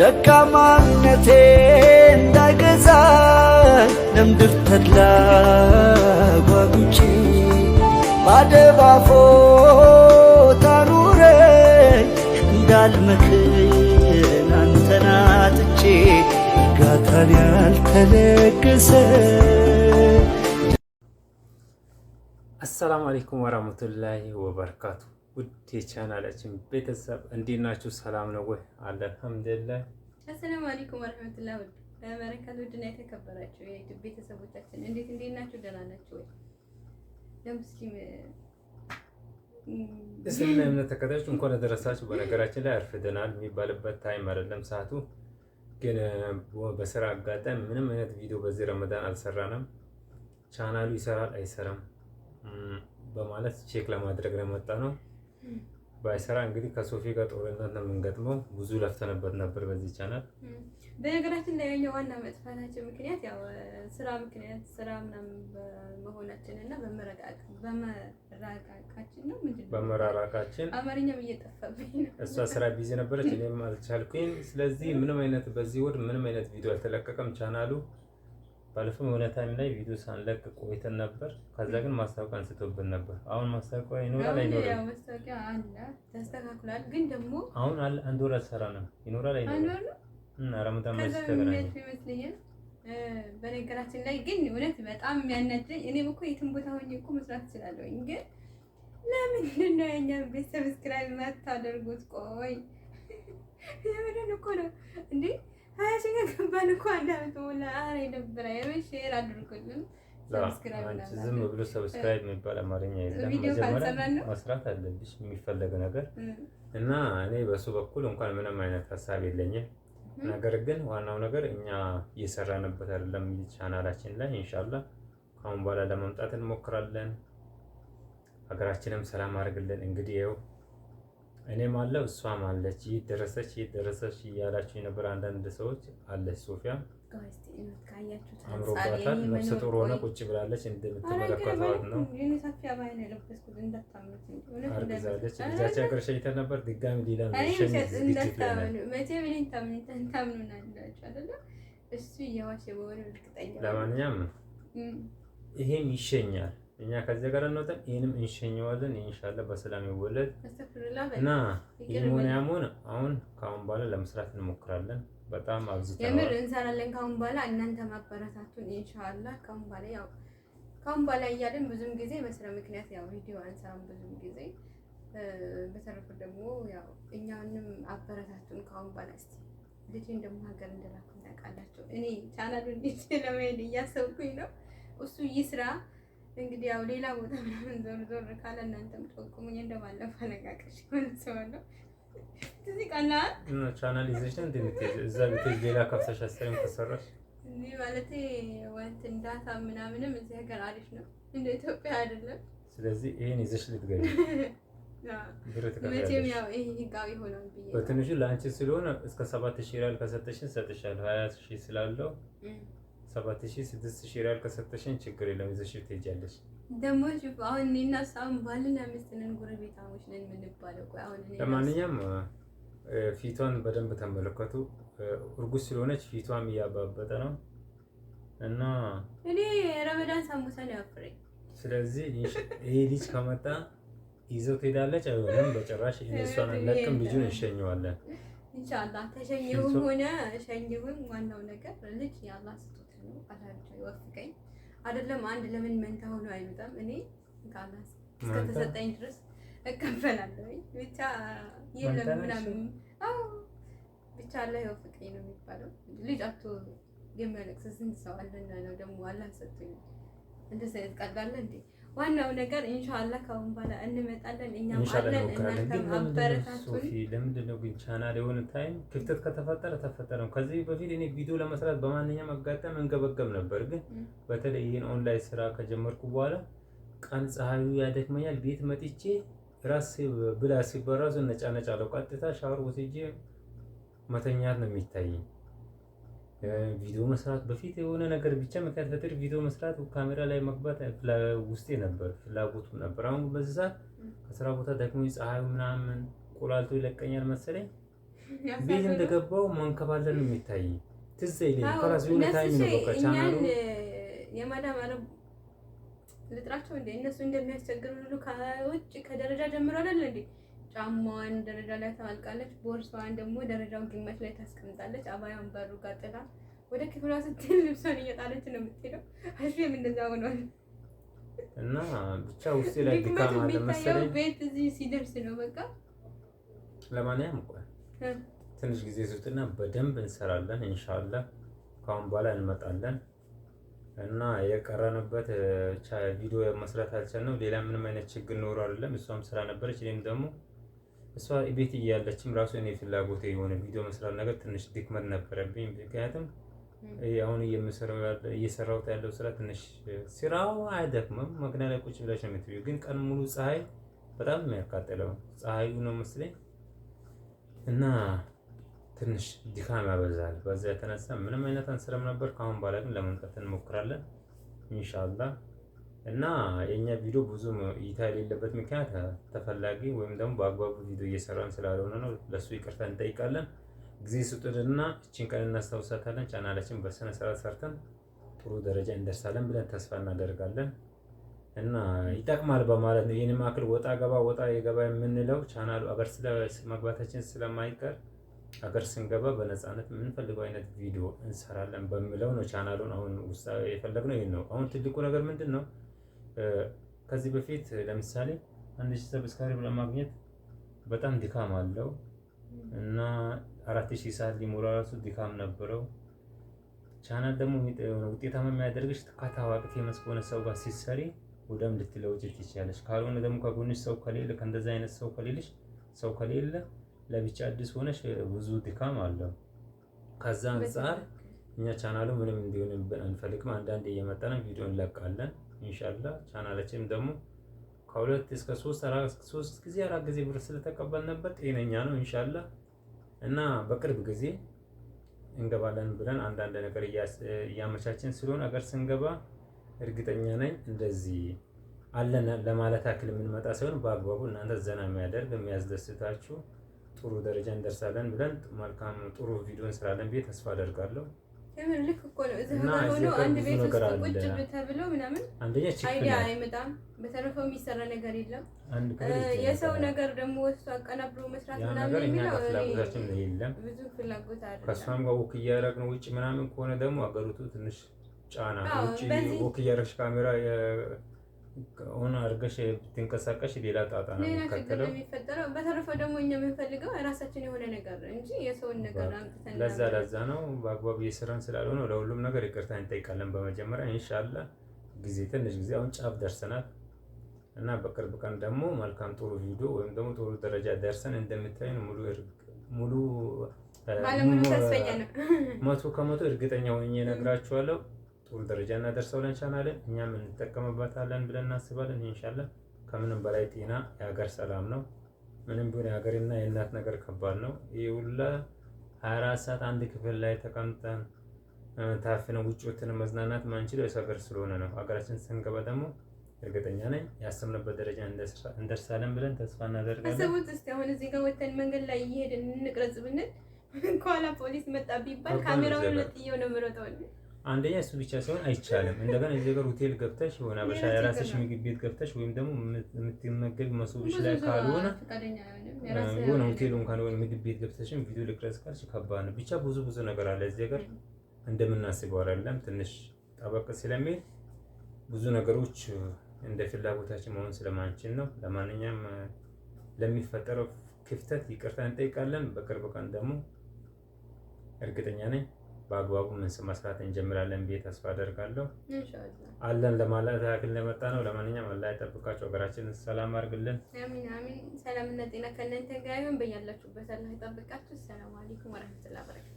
ደካማነቴ እንዳይገዛ ለምድር ተድላ ጓጉቼ ባደባፎ ታኑረ እንዳልመክን አንተን አጥቼ እርጋታን ያልተለገሰ አሰላሙ ውድ የቻናላችን ቤተሰብ እንዴት ናችሁ? ሰላም ነው ወይ? አለ አልሐምዱሊላህ። አሰላሙ አለይኩም ወረህመቱላሂ በረካቱ። ውድና የተከበራችሁ የዩቲዩብ ቤተሰቦቻችን እንዴት እንዴት ናችሁ? ደህና ናችሁ ወይ? ለሙስሊም እስልምና እምነት ተከታዮች እንኳን አደረሳችሁ። በነገራችን ላይ አርፍደናል የሚባልበት ታይም አይደለም ሰዓቱ፣ ግን በስራ አጋጣሚ ምንም አይነት ቪዲዮ በዚህ ረመዳን አልሰራንም። ቻናሉ ይሰራል አይሰራም በማለት ቼክ ለማድረግ ነው የመጣ ነው። ባይሰራ እንግዲህ ከሶፊ ጋር ጦርነት ነው የምንገጥመው። ብዙ ለፍተንበት ነበር በዚህ ቻናል። በነገራችን ላይ ያኛው ዋና መጥፋታችን ምክንያት ያው ስራ ምክንያት ስራ ምናምን በመሆናችን እና በመራቃቃችን ነው ምንድን በመራራቃችን አማርኛም እየጠፋብኝ ነው። እሷ ስራ ቢዚ ነበረች፣ እኔም አልቻልኩኝ። ስለዚህ ምንም አይነት በዚህ ወር ምንም አይነት ቪዲዮ አልተለቀቀም ቻናሉ ባለፈው የሆነ ታይም ላይ ቪዲዮ ሳንለቅ ቆይተን ነበር። ከዛ ግን ማስታወቂያ አንስቶብን ነበር። አሁን ማስታወቂያ ይኖራል አይኖርም? ማስታወቂያ አለ፣ ተስተካክሏል። ግን ደግሞ አሁን አለ አንድ ወር አልሰራ ነው ይኖራል አይኖርም? እና ረመዳን ላይ ተገናኘን ይመስለኛል። በነገራችን ላይ ግን እውነት በጣም የሚያናድደኝ እኔም እኮ የትም ቦታ ሆኜ እኮ መስራት እችላለሁ። ግን ለምንድን ነው የእኛን ቤት ሰብስክራይብ ማታደርጉት? ቆይ ለምንድን እኮ ነው እንዴ ራሴ ከገባን እኮ አንድ አመት ሞላ። ኧረ የደብረ ሼር አድርጉልን። ዝም ብሎ ሰብስክራይብ የሚባል አማርኛ የለም። መጀመሪያ መስራት አለብሽ የሚፈለግ ነገር እና እኔ በሱ በኩል እንኳን ምንም አይነት ሀሳብ የለኝም። ነገር ግን ዋናው ነገር እኛ እየሰራንበት አይደለም። ቻናላችን ላይ ኢንሻላህ ከአሁን በኋላ ለመምጣት እንሞክራለን። ሀገራችንም ሰላም አድርግልን። እንግዲህ ይኸው እኔም አለው እሷም አለች። ይህ ደረሰች ይህ ደረሰች እያላችሁ የነበረ አንዳንድ ሰዎች አለች። ሶፊያ አምሮባታል። ነፍሰ ጡር ሆነ ቁጭ ብላለች። እንደምትመለከተዋት ነው አርግዛለች። ልጃቸው ሀገር ሸኝተን ነበር። ድጋሚ ሌላ ለማንኛውም ይሄም ይሸኛል እኛ ከዚህ ጋር እንወጣ፣ ይሄንም እንሸኘዋለን። ኢንሻአላህ በሰላም ይወለድ እና ይሁን ያሙን። አሁን ካሁን በኋላ ለመስራት እንሞክራለን። በጣም አብዝተናል፣ የምር እንሰራለን። ካሁን በኋላ እናንተ ማበረታቱን ኢንሻአላህ። ካሁን በኋላ ያው ካሁን በኋላ እያለን ብዙም ጊዜ በስራ ምክንያት ያው ቪዲዮ አንሰራም ብዙም ጊዜ። በተረፈ ደግሞ ያው እኛንም አበረታቱን ካሁን በኋላ እስቲ ልጅን ደግሞ ሀገር እንደላኩ ታውቃላችሁ። እኔ ቻናሉ እንዴት ለመሄድ እያሰብኩኝ ነው። እሱ ይስራ እንግዲህ ያው ሌላ ቦታ ምናምን ዞር ዞር ካለ እናንተም ጠቁሙኝ። እንደባለፈው አለቃቀሽ ሆነ እዚህ ቀላ ቻናል ይዘሽ ነው እንደ እዛ ብትሄጂ ሌላ ከፍተሽ አስተሪም ተሰራሽ እዚህ ማለት ወንት እንዳታ ምናምንም እዚህ ሀገር አሪፍ ነው እንደ ኢትዮጵያ አይደለም። ስለዚህ ይሄን ይዘሽ ልትገቢ በትንሹ ለአንቺ ስለሆነ እስከ ሰባት ሺህ ሪያል ከሰጠሽን ሰጥሻለሁ ሀያ ሺህ ስላለው ሰባት ሺህ ስድስት ሺህ ሪያል ከሰጠሽኝ ችግር የለም ይዘሽ ትሄጃለሽ። ደግሞ አሁን እኔና እሱ አሁን ባልና ሚስት ነን፣ ጎረቤታሞች ነን የምንባለው። ለማንኛውም ፊቷን በደንብ ተመለከቱ። እርጉዝ ስለሆነች ፊቷም እያባበጠ ነው እና እኔ ረመዳን ሳሙሳ ነው ያፍረኝ። ስለዚህ ይህ ልጅ ከመጣ ይዘው ትሄዳለች። አይሆንም በጭራሽ። እሷን አንለቅም፣ ልጁን እንሸኘዋለን። ኢንሻአላህ ተሸኘሁም ሆነ ሸኘሁም ዋናው ነገር ልጅ ያላስቱ ነው። አላህ ይወፍቀኝ። አይደለም አንድ ለምን መንታ ሆኖ አይመጣም? እኔ ካላህ እስከተሰጠኝ ድረስ እከፈላለሁ። ብቻ የለም ምናምን አዎ፣ ብቻ አላህ ይወፍቀኝ ነው የሚባለው። ልጅ አቶ የሚያለቅስ ስንት ሰው አለና ነው ደግሞ አላህ ሰጥቶኝ እንደዚህ አይነት ቃል አለ እንዴ? ዋናው ነገር ኢንሻአላህ ካሁን በኋላ እንመጣለን። እኛም አለን እናንተም አበረታቱን። ለምንድን ነው ግን ቻናል የሆነ ታይም ክፍተት ከተፈጠረ ተፈጠረም ከዚህ በፊት እኔ ቪዲዮ ለመስራት በማንኛውም አጋጣሚ እንገበገብ ነበር፣ ግን በተለይ ይህን ኦንላይን ስራ ከጀመርኩ በኋላ ቀን ፀሐዩ ያደክመኛል። ቤት መጥቼ ራስ ብላ ሲበራሱ ነጫነጫ አለው። ቀጥታ ሻወር ወስጄ መተኛት ነው የሚታየኝ ቪዲዮ መስራት በፊት የሆነ ነገር ብቻ ምክንያት ፈጥር ቪዲዮ መስራት ካሜራ ላይ መግባት ውስጤ ነበር ፍላጎቱ ነበር። አሁን በዚህ ሰዓት ከስራ ቦታ ደግሞ ፀሐዩ ምናምን ቆላልቶ ይለቀኛል መሰለኝ ቤት እንደገባው ማንከባለል ነው የሚታይ ትዘ ይለኛል። ከራስ የሆነ ታይም ነው በቃ ቻናሉ የማዳም አረብ ልጥራቸው እንደ እነሱ እንደሚያስቸግር ሁሉ ከውጭ ከደረጃ ጀምሮ አይደል እንዴ ጫማዋን ደረጃ ላይ ታወልቃለች። ቦርሳዋን ደግሞ ደረጃውን ግማሽ ላይ ታስቀምጣለች። አባያን በሩ ጋር ጥላ ወደ ክፍሏ ስትል ልብሷን እየጣለች ነው የምትሄደው። አሽም እንደዛ ሆኗል እና ብቻ ውስጤ ላይ ድካም አለ መሰለኝ። ቤት እዚህ ሲደርስ ነው በቃ። ለማንኛውም ቆይ ትንሽ ጊዜ ስጡና በደንብ እንሰራለን እንሻላ። ከአሁን በኋላ እንመጣለን እና የቀረንበት ቪዲዮ መስራት አልቻልንም። ሌላ ምንም አይነት ችግር ኖሮ አይደለም። እሷም ስራ ነበረች እኔም ደግሞ እሷ ቤት እያለችም ራሱ እኔ ፍላጎት የሆነ ቪዲዮ መስራት ነገር ትንሽ ድክመት ነበረብኝ። ምክንያቱም አሁን እየሰራሁት ያለው ስራ ትንሽ ስራው አይደክምም። መኪና ላይ ቁጭ ብለሽ ነው ግን ቀን ሙሉ ፀሐይ በጣም የሚያቃጥለው ፀሐዩ ነው መስለኝ እና ትንሽ ድካም ያበዛል። በዛ የተነሳ ምንም አይነት አንስረም ነበር። ከአሁን በኋላ ግን ለመንቀት እንሞክራለን እንሻላ እና የእኛ ቪዲዮ ብዙ እይታ የሌለበት ምክንያት ተፈላጊ ወይም ደግሞ በአግባቡ ቪዲዮ እየሰራን ስላልሆነ ነው። ለእሱ ይቅርታ እንጠይቃለን። ጊዜ ስጡንና እችን ቀን እናስታውሳታለን። ቻናላችን በስነ ስርዓት ሰርተን ጥሩ ደረጃ እንደርሳለን ብለን ተስፋ እናደርጋለን እና ይጠቅማል በማለት ነው። ይህንም አክል ወጣ ገባ ወጣ የገባ የምንለው ቻናሉ አገር መግባታችን ስለማይቀር አገር ስንገባ በነፃነት የምንፈልገው አይነት ቪዲዮ እንሰራለን በሚለው ነው ቻናሉን አሁን ውስጥ የፈለግነው ይህን ነው። አሁን ትልቁ ነገር ምንድን ነው? ከዚህ በፊት ለምሳሌ አንድ ሺህ ሰብስክራይብ ለማግኘት በጣም ድካም አለው እና አራት ሺህ ሰዓት ሊሞላ ራሱ ድካም ነበረው። ቻናል ደግሞ ውጤታማ የሚያደርግሽ ከታዋቂ ፌመስ ከሆነ ሰው ጋር ሲሰሪ ወደም ልትለውጭ ትችላለሽ። ካልሆነ ደግሞ ከጎንሽ ሰው ከሌለ ከእንደዚህ አይነት ሰው ከሌለሽ ሰው ከሌለ ለብቻ አዲስ ሆነሽ ብዙ ድካም አለው። ከዛ አንጻር እኛ ቻናሉ ምንም እንዲሆን አንፈልግም። አንዳንዴ እየመጣን ቪዲዮ እንለቃለን። ኢንሻላ ቻናላችንም ደግሞ ከሁለት እስከ ሶስት አራት ሶስት ጊዜ አራት ጊዜ ብር ስለተቀበል ነበር ጤነኛ ነው ኢንሻላ እና በቅርብ ጊዜ እንገባለን ብለን አንዳንድ ነገር እያመቻችን ስለሆነ አገር ስንገባ እርግጠኛ ነኝ እንደዚህ አለን ለማለት አክል የምንመጣ ሳይሆን በአግባቡ እናንተ ዘና የሚያደርግ የሚያስደስታችሁ ጥሩ ደረጃ እንደርሳለን ብለን መልካም ጥሩ ቪዲዮ እንስራለን ብዬ ተስፋ አደርጋለሁ። የምን የሚሰራ ነገር የለም። የሰው ነገር ደግሞ ወስቶ አቀናብሮ መስራት ምናምን የሚለው ብዙ ፍላጎት አለ። ከእሷም ጋር ወክ እያደረግን ውጭ ምናምን ከሆነ ደግሞ አገሪቱ ትንሽ ጫና ውጭ ወክ እያደረግሽ ካሜራ ሆነ አድርገሽ ብትንቀሳቀሽ ሌላ ጣጣ ነው የሚከተለው የሚፈጠረው። በተረፈ ደግሞ እኛ የምንፈልገው ራሳችን የሆነ ነገር እንጂ የሰውን ነገር አምጥተን ለዛ ለዛ ነው በአግባቡ እየሰራን ስላልሆነ ለሁሉም ነገር ይቅርታ እንጠይቃለን። በመጀመሪያ ኢንሻአላህ ጊዜ ትንሽ ጊዜ አሁን ጫፍ ደርሰናል እና በቅርብ ቀን ደግሞ መልካም ጥሩ ቪዲዮ ወይም ደግሞ ጥሩ ደረጃ ደርሰን እንደምታዩን ሙሉ ሙሉ መቶ ከመቶ እርግጠኛ ሆኜ እነግራችኋለሁ። ጥሩ ደረጃ እናደርሰዋለን ቻናልን እኛም እንጠቀምበታለን ብለን እናስባለን። ኢንሻአላህ ከምንም በላይ ጤና የሀገር ሰላም ነው። ምንም ቢሆን የሀገርና የእናት ነገር ከባድ ነው። ይህ ሁላ 24 ሰዓት አንድ ክፍል ላይ ተቀምጠን ታፍነው ውጭ ወጥተን መዝናናት ማንችለው የሰፈር ስለሆነ ነው። ሀገራችን ስንገባ ደግሞ እርግጠኛ ነኝ ያሰምንበት ደረጃ እንደርሳለን ብለን ተስፋ እናደርጋለን። ሰዎች እስቲ አሁን እዚህ ጋር ወተን መንገድ ላይ እየሄድን እንቅረጽ ብንል ከኋላ ፖሊስ መጣ ቢባል ካሜራውን ለጥየው ነው ምሮጠው አንደኛ እሱ ብቻ ሲሆን አይቻልም። እንደገና እዚህ ጋር ሆቴል ገብተሽ ሆነ አበሻ የራስሽ ምግብ ቤት ገብተሽ ወይም ደግሞ የምትመገብ መሶብሽ ላይ ካልሆነ የሆነ ሆቴል እንኳን ወይ ምግብ ቤት ገብተሽም ቪዲዮ ልቅረጽ ካልሽ ከባድ ነው። ብቻ ብዙ ብዙ ነገር አለ እዚህ ጋር እንደምናስበው አይደለም። ትንሽ ጠበቅ ስለሚል ብዙ ነገሮች እንደ ፍላጎታችን መሆን ስለማንችል ነው። ለማንኛውም ለሚፈጠረው ክፍተት ይቅርታ እንጠይቃለን። በቅርብ ቀን ደግሞ እርግጠኛ ነኝ በአግባቡ ምን መስራት እንጀምራለን ብዬ ተስፋ አደርጋለሁ። አለን ለማለት ያክል ለመጣ ነው። ለማንኛውም አላህ ይጠብቃቸው፣ ሀገራችን ሰላም አድርግልን። አሚን አሚን። ሰላምና ጤና ከእናንተ ጋር ይሁን። በያላችሁበት አላህ ይጠብቃችሁ። ሰላም አለይኩም ወረህመቱላሂ ወበረካቱህ